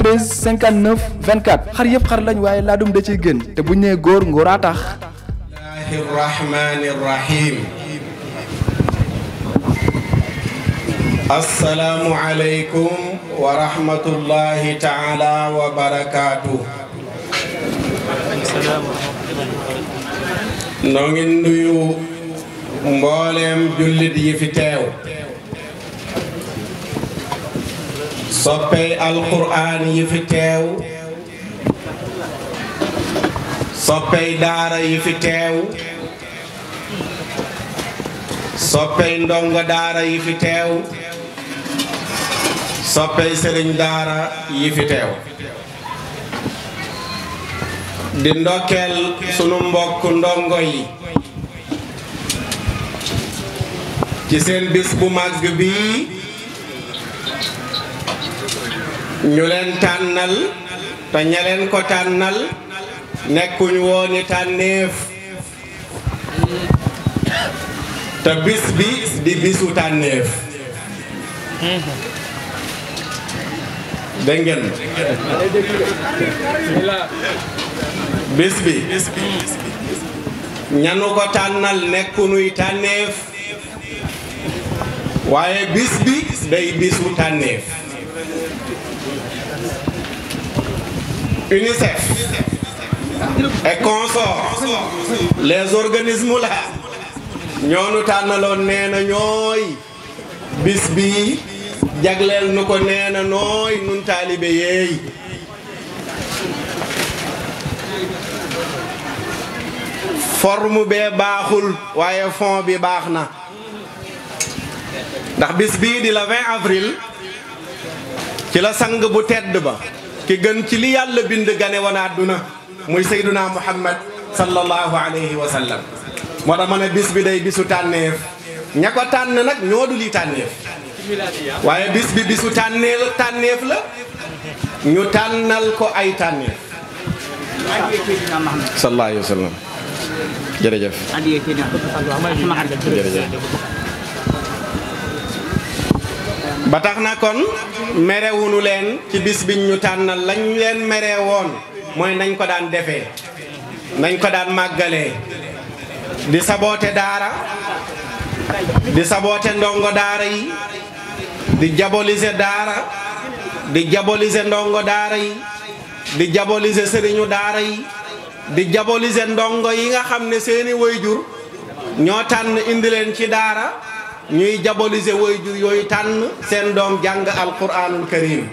73 xar yëpp xar lañ waaye laadum da ciy gën te bu ñu nee góor ngóoraa tax. noo ngi nuyu mboolem jullit yi fi teew. soppey alquraan yi fi teew soppey daara yi fi teew soppey ndongo daara yi fi teew soppey daara yi fi teew di ndokkeel sunu mbokk ndongo yi ci seen bis bu màgg bii ñu leen tànnal te ña ko tànnal nekkuñ wooni tànneef te bis bi di bisu tànneef dégg ngeen bis bi ñanu ko tànnal nekkunuy tànneef waaye bis bi day bisu tànneef UNICEF et consorts les organismes la ñoonu tànnaloon nee ñooy bis bi jagleel nu ko neena na nooy nun taalibe yeey forme bee baaxul waaye fon bi baax na ndax bis bii di la 20 avril ci la sang bu tedd ba ki gën ci li yàlla bind gane woon àdduna muy sayduna muhammad sallallahu alayhi wa sallam moo tax ne bis bi day bisu tànneef ña ko tànn nag ñoo du li tànneef waaye bis bi bisu tànneel tànneef la ñu tànnal ko ay tànneef sallallahu alayhi wa sallam batax na kon merewunu leen ci bis biñ ñu tànnal lañ leen meree woon mooy nañ ko daan defee nañ ko daan màggalee di saboote daara di saboote ndongo daara yi di diaboliser daara di diaboliser ndongo daara yi di diaboliser sëriñu daara yi di diaboliser ndongo yi nga xam ne seeni wayjur ñoo tànn indi leen ci daara ñuy jaboliser waajur yooyu tànn seen doom jàng alquranul karim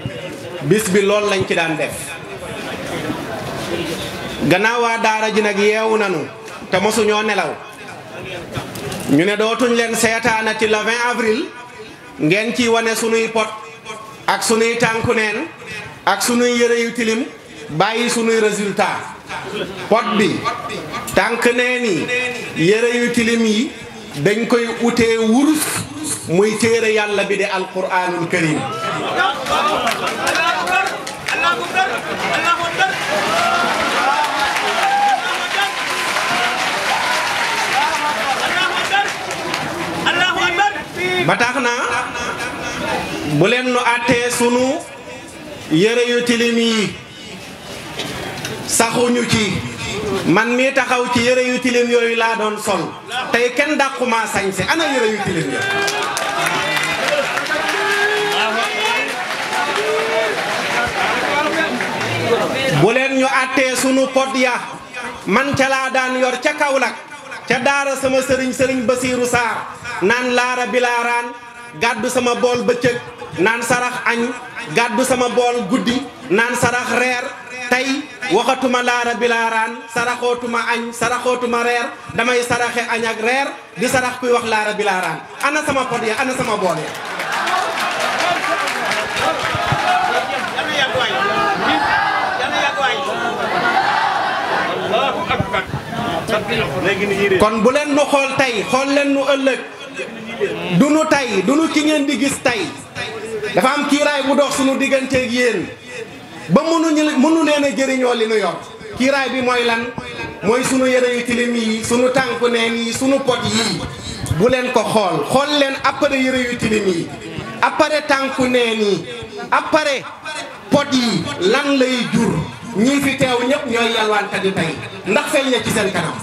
bis bi loolu lañ ci daan def gannaaw daara ji nag yeewu nanu te mosuñoo nelaw ñu ne dootuñ leen seetaana ci le 20 avril ngeen ci wane sunuy pot ak sunuy tànku neen ak sunuy yëre yu tilim bàyyi sunuy résultat pot bi tànk neen yëre yu tilim yi dañ koy utee wurus muy téere yàlla bi di alquranul karim ba tax na bu leen nu àttee sunu yëre yu tilim yi saxuñu ci man mi taxaw ci yëre yu tilim yooyu laa doon sol tey kenn dàquma sañse ana yëre yu tilim yooyu bu leen ñu àttee sunu pod ya man ca laa daan yor ca Kaolack ca daara sama sëriñ sëriñ Basiiru Saar naan laara bilaaraan gàddu sama bool bëccëg naan sarax añ gàddu sama bool guddi naan sarax reer tey waxatuma laara bi laaraan saraxootuma añ saraxootuma reer damay saraxe añ ak reer di sarax kuy wax laara bi laaraan ana sama pot ya ana sama bool ya kon bu leen nu xool tey xool leen nu ëllëg du nu tey du nu ki ngeen di gis tey dafa am kiiraay bu dox sunu digganteeg yéen ba mënuñu mënu leen a jëriñoo li nu yor kiiraay bi mooy lan mooy sunu yére yu tilim yi sunu tànku nee nii sunu pot yii bu leen ko xool xool leen appareil yére yu tilim yi appareil tànku neen yi appareil pot yi lan lay jur ñii fi teew ñëpp ñooy yalwaankat yi ndax feeñ na ci seen kanam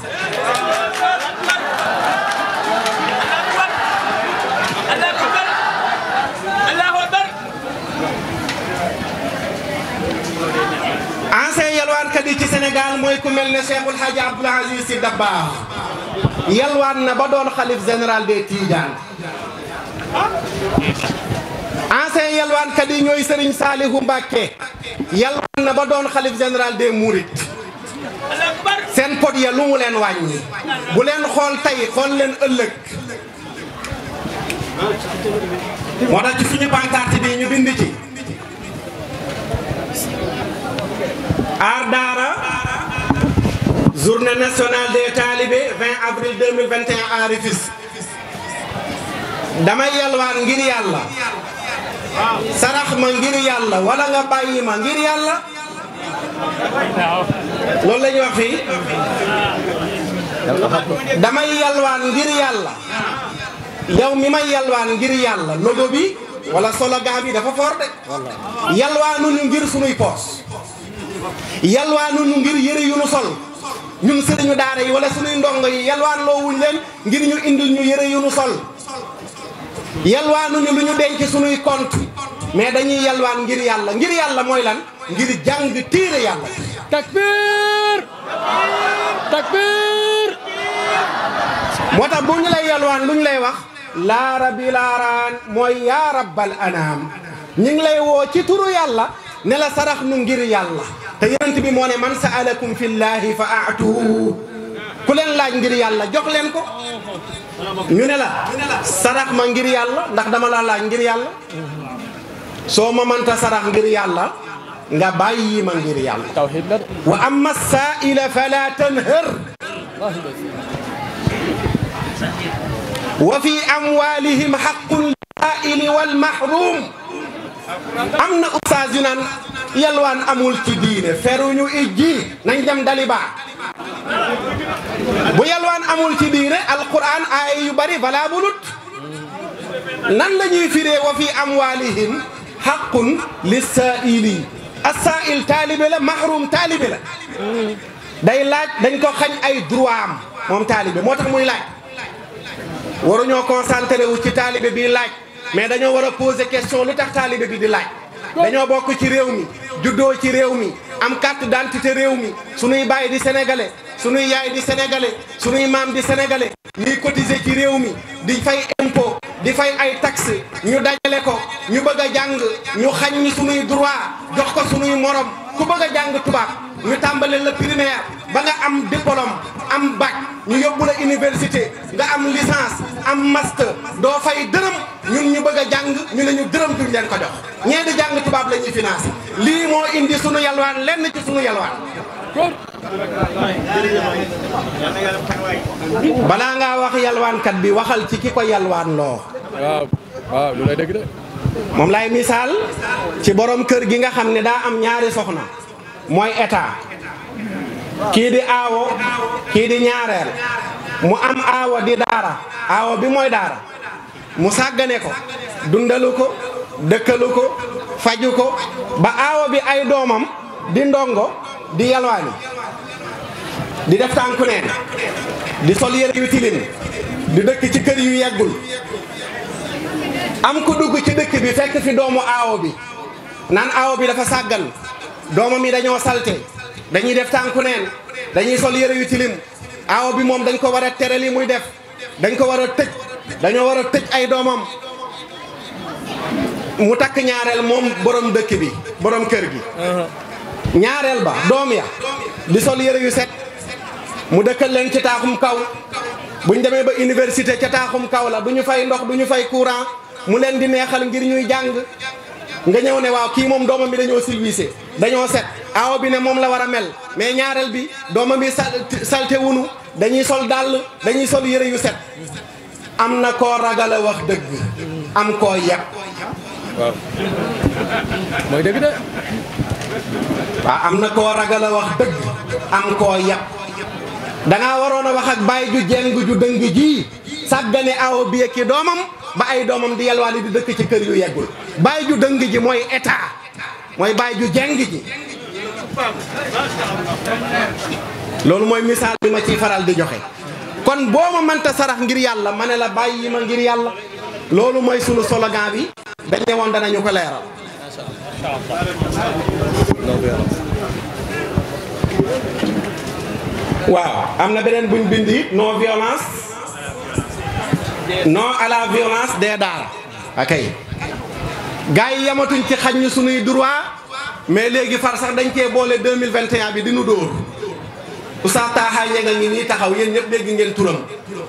ancien yalwaankat yi ci Sénégal mooy ku mel ne Cheikhul Hadji Abdoul Aziz Sy Dabakh yalwaan na ba doon xalif général des Tidianes ancien yalwaankat yi ñooy Serigne Salihu Mbacke yalwaan na ba doon xalif général des Mourides seen pot ya lu mu leen wàññi bu leen xool tey xool leen ëllëg moo tax ci suñu ñu bind ci aar daara journée nationale des talibés 20 avril 2021 en Rufisque damay yalwaan ngir yàlla sarax ma ngir yàlla wala nga bàyyi ma ngir yàlla loolu la ñuy damay yalwaan ngir yàlla yow mi may yalwaan ngir yàlla logo wala slogan bi dafa fort de yalwaanu ñu ngir sunuy poos yalwaanu nu ngir yëre yu nu sol ñun sëriñu daara yi wala suñuy ndongo yi yalwaan loo wuñ leen ngir ñu indi ñu yëre yu nu sol yalwaanu ñu lu ñu denc suñuy kont mais dañuy yalwaan ngir yàlla ngir yàlla mooy lan ngir jàng téere yàlla takbir takbir moo tax bu ñu lay yalwaan lu ñu lay wax laara bi laaraan mooy yaa rabbal anaam ñu lay woo ci turu yàlla ne la sarax nu ngir yàlla te yonent bi moo ne man saalakum fillahi fa aatuhu ku leen laaj ngir yàlla jox leen ko ñu ne la sarax ma ngir yàlla ndax dama laa laaj ngir yàlla soo ma mënta sarax ngir yàlla nga bàyyi ma ngir yàlla tawhid la wa amma saaila fala tanhar wa fi amwalihim haqqun lisaa'ili wal mahrum am na ustaas yu naan yalwaan amul ci diine feruñu ijji nañ dem daliba bu yalwaan amul ci diine alquran ay yu bari balaa bulut nan lañuy ñuy firee wa fi amwaalihim xaqun lissaili assail taalibe la mahrum taalibe la day laaj dañ ko xañ ay droit am moom taalibe moo tax muy laaj waruñoo concentré wu ci taalibe bi laaj mais dañoo war a poser question lu tax taalibe bi di laaj dañoo bokk ci réew mi juddoo ci réew mi am dant d'identité réew mi sunuy bàyyi di sénégalais sunuy yaay di sénégalais sunuy maam di sénégale ñuy cotiser ci réew mi di fay impôt di fay ay taxes ñu dajale ko ñu bëgg a jàng ñu xañ ñi sunuy droit jox ko sunuy morom ku bëgg a jàng tubaab ñu tàmbale la primaire ba nga am diplôme am bac ñu yóbbu la université nga am licence am master doo fay dërëm ñun ñu bëgg a jàng ñu lañu ñu dërëm duñ leen ko jox ñee di jàng tubaab la ñuy lii moo indi sunu yalwaan lenn ci sunu yalwaan balaa ngaa wax yalwaankat bi waxal ci ki ko yalwaan loo waaw waaw lu lay dégg de moom lay misaal ci boroom kër gi nga xam ni daa am ñaari soxna mooy état kii di aawo kii di ñaareel mu am aawo di daara aawo bi mooy daara mu sàggane ko dundalu ko dëkkalu ko faju ko ba aawo bi ay doomam di ndongo di yalwaani di def tànku di sol yére yu tilim di dëkk ci kër yu yeggul am ku dugg ci dëkk bi fekk fi doomu aawo bi naan aawo bi dafa sàggan doomam yi dañoo salte dañuy def tànku neen dañuy sol yëre yu tilim awo bi moom dañ ko war a tere li muy def dañ ko war a tëj dañoo war a tëj ay doomam mu takk ñaareel moom borom dëkk bi borom kër gi uh-huh. ñaareel ba doom ya di sol yëre yu set mu dëkkal leen ci taaxum kaw buñ demee ba université ca taaxum kaw la du ñu fay ndox du ñu fay courant mu leen di neexal ngir ñuy jàng nga ñëw ne waaw kii moom doomam bi dañoo silvisé dañoo set aaw bi ne moom la war a mel mais ñaareel bi doomam yi salte wunu dañuy sol dàll dañuy sol yëre yu set am na koo ragale wax dëgg am koo yeb waaw mooy dëgg de waaw am na koo ragale wax dëgg am koo yeb dangaa waroon a wax ak bàyyi ju jeng ju dëng ji sàggane aaw bi ki doomam ba ay doomam di yalwaani di dëkk ci kër yu yeggul bàyyi ju dëng ji mooy état mooy bàyyi ju jeng ji loolu mooy misaal bi ma ciy faral di joxe kon boo ma mënta sarax ngir yàlla ma ne la bàyyi ma ngir yàlla loolu mooy sunu slogan bi dañ ne woon danañu ko leeral waaw am na beneen buñ bind it non violence non à violence des daara akay yi yamatuñ ci xañ ñu sunuy droit mais léegi far sax dañ cee boole mille vingt 2021 bi di nu dóor Oustaz Taha Ñenga ngi ñuy taxaw yéen ñëpp dégg ngeen turam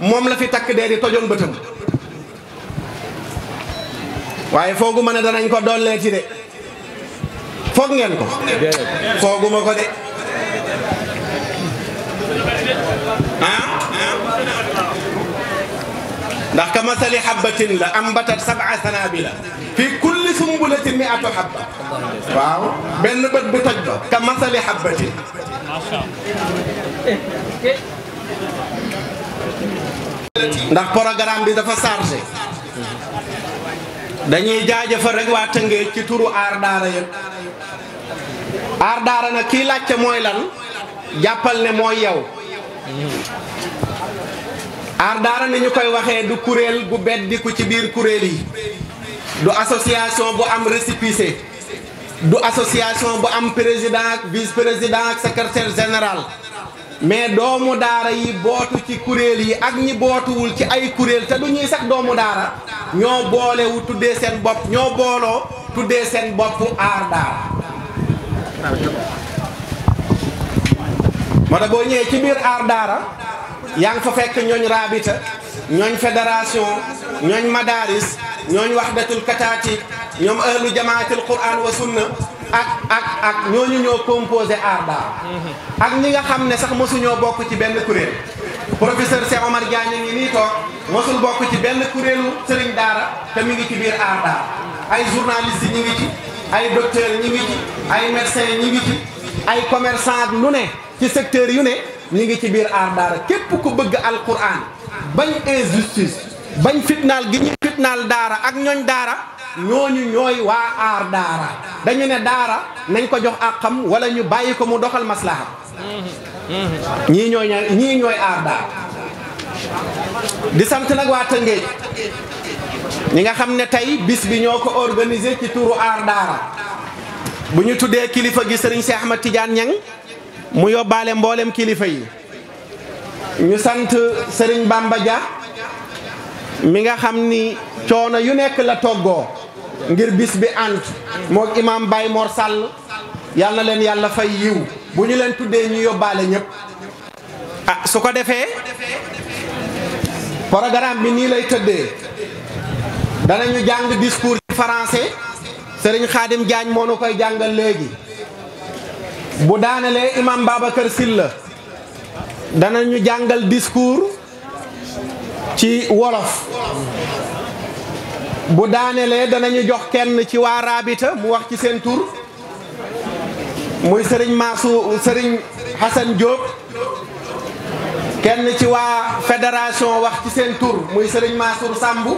moom la fi takk dee di tojoon bëtam waaye fooguma ne danañ ko dollee ci de foog ngeen ko fooguma ko de ah ndax ka masali xabbatin la ambatat sab'a sanabila fi kulli sumbulatin mi'atu xabba waaw benn bët bu toj ba ka masali xabbatin ndax programme bi dafa chargé dañuy jaajëfal rek waa Tëngéej ci turu aar daara yëpp aar daara nag kii laajte mooy lan jàppal ne mooy yow aar daara ni ñu koy waxee du kuréel gu beddiku ci biir kuréel yi du association bu am récépissé du association bu am président ak vice président ak secrétaire général mais doomu daara yi bootu ci kuréel yi ak ñi bootuwul ci ay kuréel te du ñuy set doomu daara ñoo boolewu tuddee seen bopp ñoo booloo tuddee seen bopp aar daara moo tax boo ñëwee ci biir aar daara yaa ngi fa fekk ñooñ raabita ñooñ fédération ñooñ madaris ñooñ waxdatul kataatib ñoom ahlu jamaatil quran wa sunna ak ak ak ñooñu ñoo composé aar daal ak ñi nga xam ne sax mosuñoo bokku ci benn kuréel professeur Cheikh Omar Diagne ngi nii toog mosul bokku ci benn kuréelu sëriñ daara ta mi ngi ci biir aar daal ay journaliste ñi ngi ci ay docteur ñi ngi ci ay médecin ñi ngi ci ay commerçant lu ne ci secteur yu ne ñi ngi ci biir aar daara képp ku bëgg alquran bañ injustice bañ daara ak ñooñ daara ñooñu ñooy waa ne daara nañ ko jox àqam wala ñu bàyyi ko mu doxal maslaha ñii ñooy ñii ñooy aar sant nag waa nga xam ne tey bis bi ñoo ko organisé ci turu aar daara bu ñu tuddee kilifa gi sëriñ Cheikh Ahmad Tidiane Niang mu yóbbaale mboolem kilifa yi ñu sant sëriñ Bamba Dia mi nga xam ni coono yu nekk la toggoo ngir bis bi ant moog imaam Baye Mor Sall leen yàlla fay yiw bu ñu leen tuddee ñu yóbbaale ñëpp. ah su ko defee programme bi nii lay tëddee ñu jàng discours ci français Serigne Khadim Diagne moo nu koy jàngal léegi. bu daanelee imam Babacar dana ñu jàngal discours ci wolof bu daanelee danañu jox kenn ci waa Rabita mu wax ci seen tur muy sëriñ Massou sëriñ Hassan ci waa fédération wax ci seen tur muy sëriñ Massour Sambu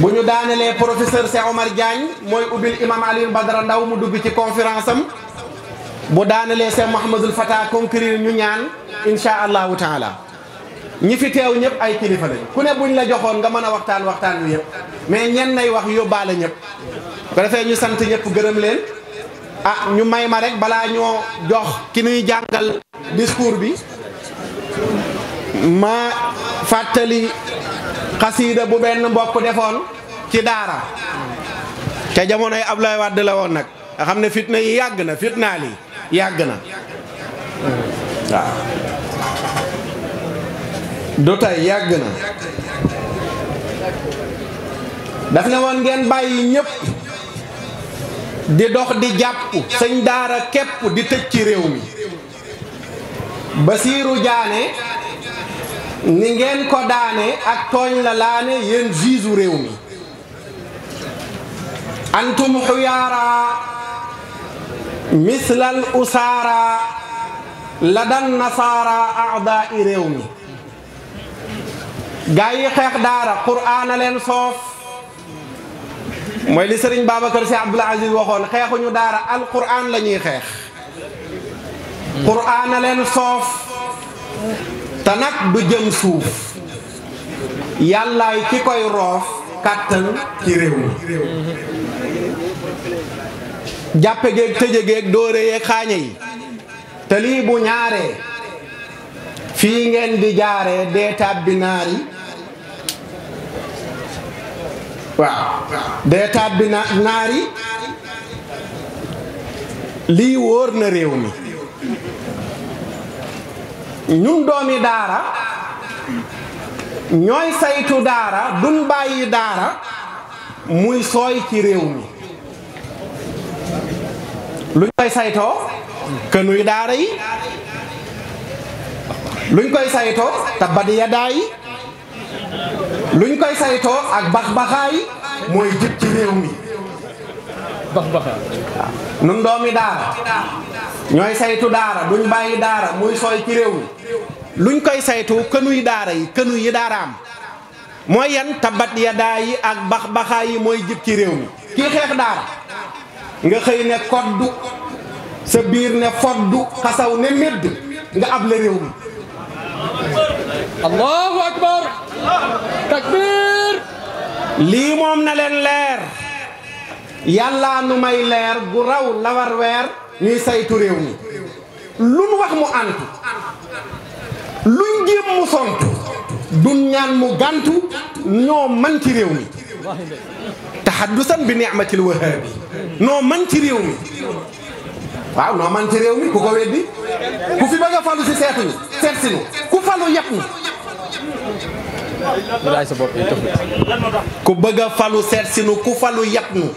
bu ñu daanelee professeur Cheikh Omar Diagne mooy ubbil imam ba Badara Ndaw mu dugg ci conférence bu daanalee seen Mouhamadul Fata conquérir ñu ñaan insha allahu taala ñi fi teew ñëpp ay kilifa lañ ku ne buñ la joxoon nga mën a waxtaan waxtaan wi yëpp mais ñen nay wax yóbbaale ñëpp ko ñu sant ñëpp gërëm leen ah ñu may ma rek balaa ñoo jox ki nuy jàngal discours bi ma fàttali xasiida bu benn mbokk defoon ci daara ca jamonoy Abdoulaye Wade la woon nag nga xam ne fitna yi yàgg na fitnaal yi yàgg na waaw dotay yàgg na daf ne woon ngeen bàyyi ñépp di dox di jàpp sëñ daara képp di tëj ci réew mi Basiiru Jaane ni ngeen ko daane ak tooñ la laane yéen juge réew mi antum xuyaara mislal usaara la dan nasaara aada i réew mi gaa yi xeex daara quraan a leen soof mooy li sëriñ Babacar Si Abdul Aziz waxoon xeexuñu daara al quraan la ñuy xeex quraan a leen soof te du jëm suuf yàllaay ki koy roof kàttan ci réew mi jàppe geeg tëje geeg dóore yeeg xaañe yi te lii fii ngeen di jaare dee naari naar yi waaw lii wóor na réew mi ñun doomi daara ñooy saytu daara duñ bàyyi daara muy sooy ci réew mi luñ koy saytoo kënuy daara yi luñ koy saytoo tabat yadaa luñ koy saytoo ak baxbaxaa yi mooy jëp ci réew mi baxbaxaa waaw nun doomi daara ñooy saytu daara duñ bàyyi daara muy sooy ci réew mi luñ koy saytu kënuy daara yi kënu yi daaraam mooy yan tabat yadaa yi ak baxbaxaa yi mooy jëp ci réew mi kii xeex daara nga xëy ne koddu sa biir ne foddu xasaw ne medd nga able réew mi allahu akbar takbir lii moom na leen leer yàllaa nu may leer gu raw lawar weer ñuy saytu réew mi luñ wax mu antu luñ jéem mu sontu duñ ñaan mu gàntu ñoo man ci réew mi tahaddusan bi ni'matil wahaabi noo man ci réew mi waaw man ci réew mi ku ko weddi ku fi bëgg falu si seetuñu seet ku falu yàpp ku bëgg falu seet ku falu yàpp ñu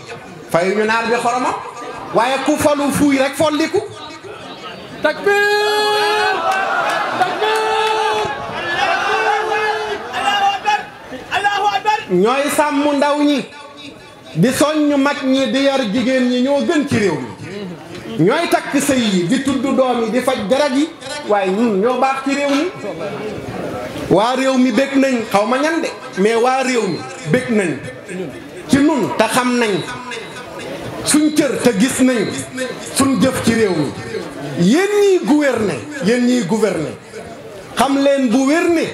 ñu naar bi xoromam waaye ku falu fuuy rek folliku takbir takbir ñooy sàmm ndaw ñi di soññ mag ñi di yar jigéen ñi ñoo gën ci réew mi ñooy takk sëy yi di tudd doom yi di faj garab yi waaye ñun ñoo baax ci réew mi waa réew mi bég nañ xaw ma ñan mais waa réew mi bég nañ ci nun te xam nañ suñ cër te gis nañ suñ jëf ci réew mi yéen ñiy gouverner yéen xam leen bu wér ne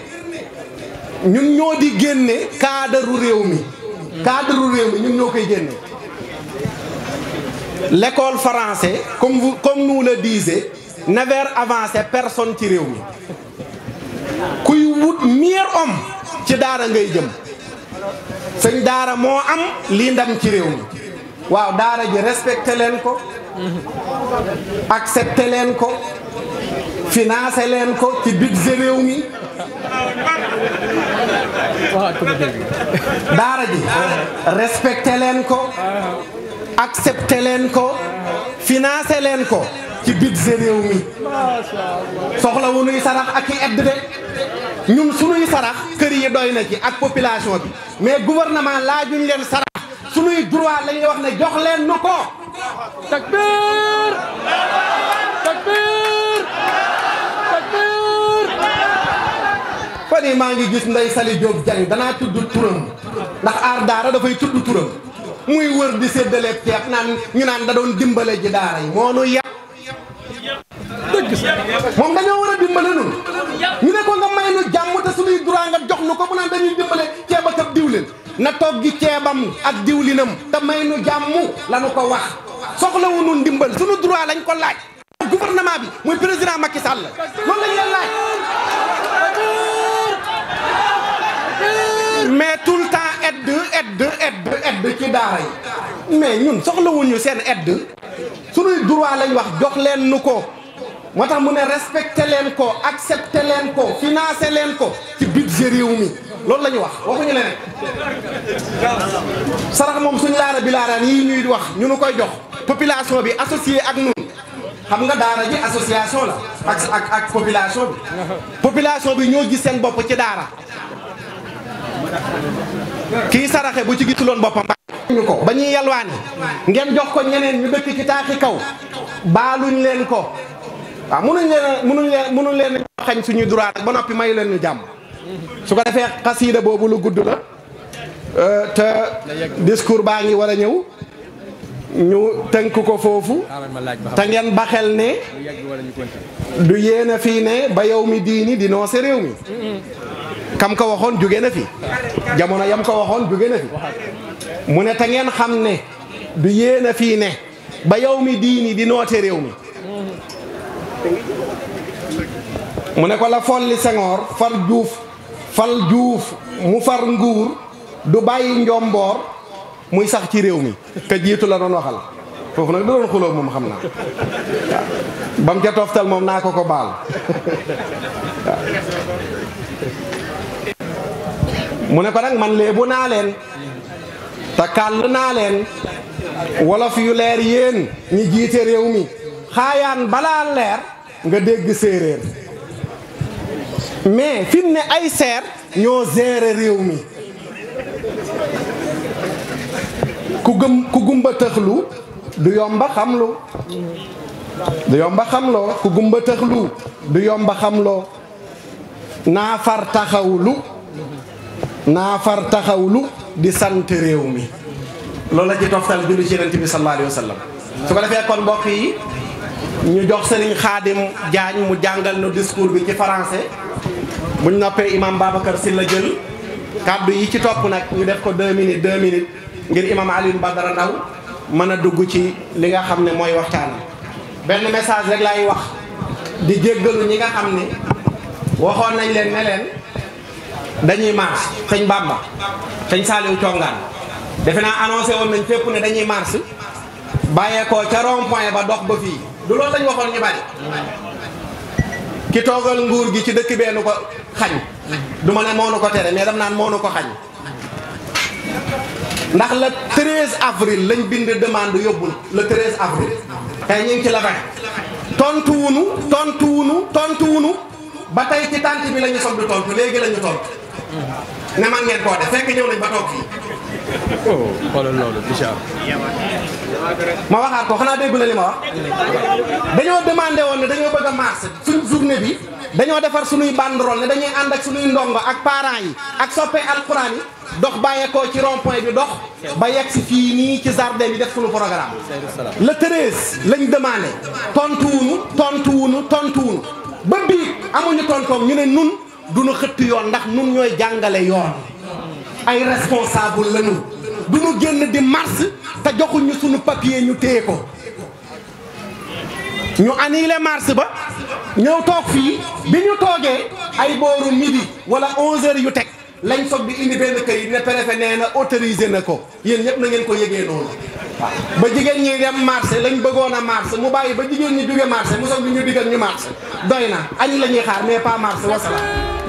ñun ñoo di génne kaadaru réew mi cadre réew mi ñun ñoo koy génne l'école française comme vous comme nous never avancé personne ci réew mi kuy wut meilleur homme ci daara ngay jëm sëñ daara moo am lii ndam ci réew mi waaw daara ji respecté leen ko accepté leen ko financé leen ko ci budget réew mi daara ji respecté leen ko accepté leen ko financé leen ko ci budget réew mi soxla wu nuy sarax ak i aide de ñun sunuy sarax kër yi doy na ci ak population bi mais gouvernement laajuñ leen sarax sunuy droit lañuy wax ne jox leen nu ko takbir fan ngi gis Ndeye Saly Diop Diagne danaa tudd turam ndax aar daara dafay tudd turam muy wër di séddale ceeb naan ñu naan da doon dimbale ji daara yi moo nu yàq. dëgg sa moom dañoo war a dimbale nun ñu ne ko nga may nu jàmm te suñuy droit nga jox nu ko bu naan dañuy dimbale ceeb ak ab diwlin na toog gi ceebam ak diwlinam te may nu jàmm la ko wax soxlawu nun dimbal suñu droit lañ ko laaj. gouvernement bi muy président Macky Sall loolu lañ leen laaj. mais tout le temps aide aide aide aide ci daara yi mais ñun soxlawuñu seen su suñuy droit lañu wax jox leen nu ko moo tax mu ne respecté leen ko accepté leen ko financé leen ko ci budget réew mi loolu la ñu wax waxuñu leneen sarax moom suñu daara bi laaraan yi ñuy wax ñu nu koy jox population bi associé ak ñun xam nga daara ji association la ak ak ak population bi population bi ñoo gis seen bopp ci daara kii saraxe bu ci gisuloon boppam ñu ko ba ñuy yalwaani ngeen jox ko ñeneen ñu dëkk ci taaxi kaw baaluñ leen ko waaw munuñ leen munuñ leen munuñ leen xañ suñuy droit ba noppi mayu leen ñu jàmm su ko defee xasiida boobu lu gudd la euh, te discours baa ngi war a ñëw ñu tënk ko foofu te ngeen baxel ne du yéen a fii ne ba yow mi diini dinoo se réew mi kam ko waxoon jóge na fi jamono yam ko waxoon jóge na fi mu ne ta ngeen xam ne du yéen fii ne ba yow mi diini di noote réew mi mu ne ko la folli Senghor far juuf fal juuf mu far nguur du bàyyi njomboor muy sax ci réew mi te jiitu la doon waxal foofu nag da doon xuloo moom xam naa waaw ba mu ca moom naa ko ko baal mu ne ko nag man léebu naa leen te kàll naa leen wolof yu leer yéen ñi jiite réew mi xaayaan balaa leer nga dégg séeréer mais fi ne ay seer ñoo gérer réew mi ku gëm ku gumba tëxlu du yomba xamlu du yomba xamloo ku gumba du yomba xamloo naa far taxawlu naa far taxawlu di sant réew mi loolu la ci toftal julli ci yonent bi sallallahu alayhi wa sallam su ko defee kon mbokk yi ñu jox sëriñ xaadim jaañ mu jàngal nu discours bi ci français buñ noppee imam Babacar si la jël kàddu yi ci topp nag ñu def ko deux minutes deux minutes ngir imam Alioune Badara Ndaw mën a dugg ci li nga xam ne mooy waxtaan benn message rek laay wax di jéggalu ñi nga xam ne waxoon nañ leen ne dañuy mars sëñ Bamba sëñ Saaliw Congaan defe naa annoncé woon nañ fépp ne dañuy mars bàyyeekoo ca rond point ba dox ba fii du loolu lañ waxoon ñu bari ki toogal nguur gi ci dëkk bee nu ko xañ du ma ne moo nu ko tere mais dam naan moo nu ko xañ ndax le 13 avril lañ bind demande yóbbul la 13 avril tey ñu ngi ci la vingt tontu wunu ba tey ci tànt bi la ñu soog tontu léegi la tontu ne man ngeen koo de fekk ñëw nañ ba toog fii. oh xoolal loolu incha ma waxaat ko xanaa dégg na li ma wax. dañoo demandé woon ne dañoo bëgg a marché suñ journée bi dañoo defar suñuy banderole ne dañuy ànd ak suñuy ndongo ak parents yi ak soppe alxuraan yi dox bàyyeekoo ci rond point bi dox ba yegg fii nii ci jardin bi def suñu programme. le treize lañ demandé tontu wuñu tontu wuñu tontu ba bii amuñu tontoom ñu ne nun du nu xëtt yoon ndax nun ñooy jàngale yoon ay responsable lañu du nu génn di mars te joxuñu suñu papier ñu téye ko ñu annulé mars ba ñëw toog fii bi ñu toogee ay booru midi wala 11 heures yu teg lañ soog bi indi benn yi ne préfet nee na autorisé na ko yéen yëpp na ngeen ko yëgee noonu ba jigéen ñi dem marché lañ bëggoon a marché mu bàyyi ba jigéen ñi jóge marché mu soog bi ñu digal ñu marché doy na añ la ñuy xaar mais pas marché wasalaam